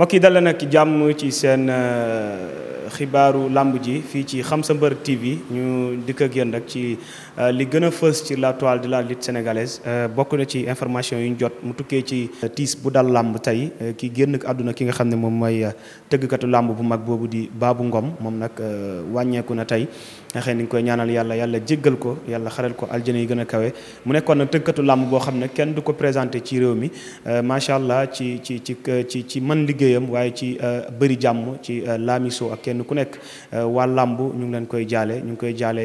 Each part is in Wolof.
mbokk yi dala nag jàmm ci seen euh, xibaaru làmb ji fii ci xam sa mbër TV ñu dikk ak yéen rek ci euh, li gën a fës ci la toile de la lutte sénégalaise euh, bokk na ci information yu ñu jot mu tukkee ci tiis bu dal làmb tey ki génn àdduna ki nga xam ne moom mooy tëggkatu làmb bu mag boobu di Babou ngoom moom nag wàññeeku na tey nga xam ne ni nga koy ñaanal yàlla yàlla jéggal ko yàlla xaral ko aljana yi gën kawe mu nekkoon nag tëggkatu làmb boo xam ne kenn du ko présenté ci réew mi euh, macha allah ci ci ci ci ci man liggéeyam waaye ci euh, bëri jàmm ci euh, laamiso ak kenn ku nekk waa làmb ñu ngi leen koy jaale ñu ngi koy jaale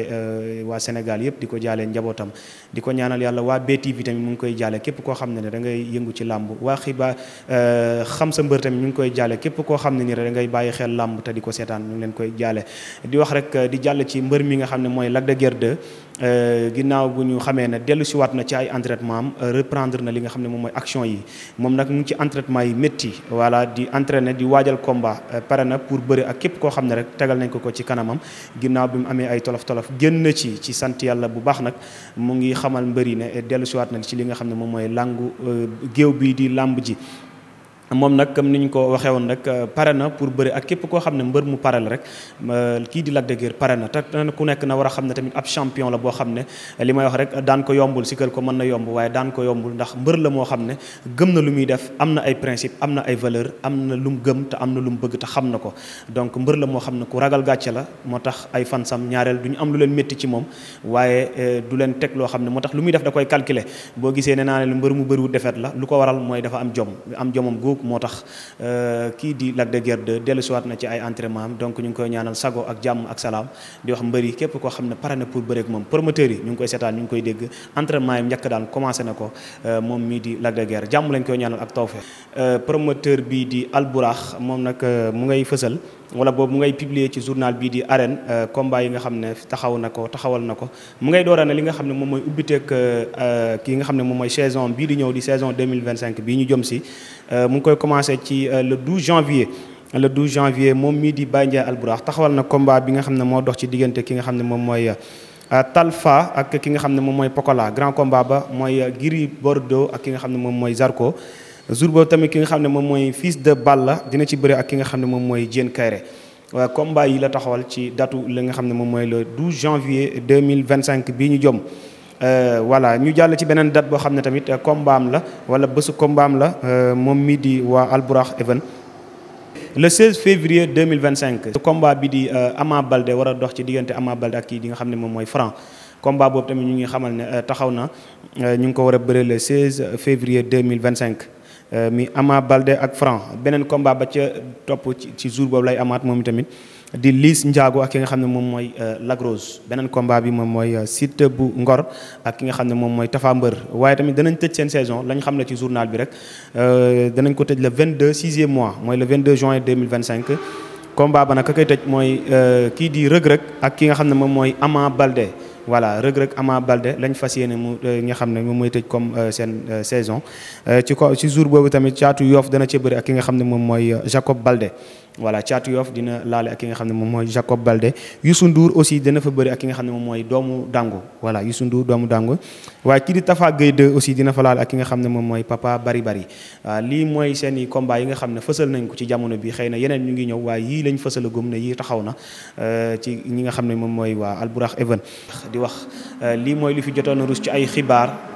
waa Sénégal yëpp di ko jaale njabootam di ko ñaanal yàlla waa BTV tamit mu ngi koy jaale képp koo xam ne ne da yëngu ci làmb waa xibaar xam sa mbër tamit ñu ngi koy jaale képp koo xam ne ni da ngay bàyyi xel làmb te di ko seetaan ñu ngi leen koy jaale di wax rek di jàll ci mbër mbër mi nga xam ne mooy Lac de Guiers 2 euh, ginnaaw bu ñu xamee ne dellu si waat na ci ay entraînement am euh, reprendre na li nga xam ne moom mooy action yi moom nag mu ngi ci entraînement yi métti voilà di entraîner di waajal komba euh, pare na pour bëri ak képp koo xam ne rek tegal nañ ko ko ci kanamam ginnaaw bi mu amee ay tolof-tolof génn na ci ci sant yàlla bu baax nag mu ngi xamal mbër yi ne dellu si waat na ci li nga xam ne moom mooy làngu géew bii di làmb ji moom nag comme ni ñu ko waxee woon rek euh, pare na pour bëri ak képp koo xam ne mbër mu pare la rek kii di Lac de Guiers pare na te ku nekk na war a xam ne tamit ab champion la boo xam ne li may wax rek daan ko yombul sikal ko mën na yomb waaye daan ko yombul ndax mbër la moo xam ne gëm na lu muy def am na ay principe am na ay valeur am na lu mu gëm te am na lu mu bëgg te xam na ko donc mbër la moo xam ne ku ragal gàcce la moo tax ay fansam ñaareel du ñu am lu leen métti ci moom waaye euh, du leen teg loo xam ne moo tax lu muy def da koy calculer boo gisee ne naa ne mbër mu bëriwu defet la lu ko waral mooy dafa am jom am jomam mukk moo tax euh, kii di Lac de Guiers 2 na ci ay entraînement am donc ñu ngi koy ñaanal sago ak jàmm ak salaam di wax mbëri képp koo xam ne pare na pour bëreek moom promoteurs yi ñu ngi koy seetaan ñu ngi koy dégg entraînement yi njëkk daan commencé na ko euh, moom mii di Lac de Guiers jàmm lañ koy ñaanal euh, di Alburax moom nag mu ngay fësal wala boobu mu ngay publier ci journal bii di arène combat yi nga xam ne taxaw na ko taxawal na ko mu ngay doora li nga xam ne moom mooy ubbiteeg ki nga xam ne moom mooy saison bii di ñëw di saison 2025 bii ñu jëm si koy commencé ci euh, le 12 janvier. le 12 janvier mon midi di Baye Ndiaye taxawal na combat bi nga xam ne moo dox ci ki nga euh, Talfa ak ki nga xam mom moy Pokola grand combat ba moy euh, Giri Bordeaux ak ki nga xam mom moy Zarko. jour tamit ki nga xam mom moy fils de Balla dina ci bëre ak ki nga xam mom moy mooy Diène Kairé combat yi la taxawal ci datu li nga xam mom moy le 12 janvier 2025 bi ñu jom. Euh, voilà ñu jall ci benen date bo xam tamit euh, combat am la wala combat am la euh, mom mii di waa Alburax even le 16 février 2025 su combat bi di Ama balde wara dox ci diggante Ama balde ak kii di nga xam mom moy Franc combat boobu tamit ñu ngi xamal ne taxaw na ñu ngi ko wara a bëre le 16 février 2025 euh, mi Ama Balde ak Franc benen combat ba ci top ci jour boobu lay amat momi tamit di Liss Ndiago ak ki nga xamne mom moy euh, Lagrose benen combat bi mom moy euh, site bu Ngor ak ki nga xamne mom moy mooy Tapha Mbeur waaye tamit danañ tëj sen saison lañ xamne ci journal bi rek euh danañ ko tëj le 22 6e mois moy le 22 juin 2025 combat ba nag ka koy tëj mooy di Reug Reug ak ki nga xamne mom moy Ama Balde voilà Reug Reug Ama balde lañ fassiyene mu euh, nga xam ne moy mooy comme euh, sen euh, saison ci ci jour bobu tamit caatu yof dana ci bëri ak nga xam mom moy Jacob balde voilà Thiatou Yoff dina laale ak ki nga xam ne moom mooy Jacob Balde Youssou Ndour aussi fa bëri ak ki nga xam ne moom mooy doomu Dango voilà Youssou doomu Dango waaye kii di Tafa Gueye 2 dina fa laale ak ki nga xam ne moom mooy Papa Bari Bari ah, lii mooy seen i combat yi nga xam ne fësal nañ ko ci jamono bi xëy na yeneen ñu ngi ñëw waaye yii lañ fësal a gëm ne yii taxaw na ah, ci ñi nga xam ne moom mooy waa Alburax Even di wax ah, lii mooy li fi jotoon a rus ci ay xibaar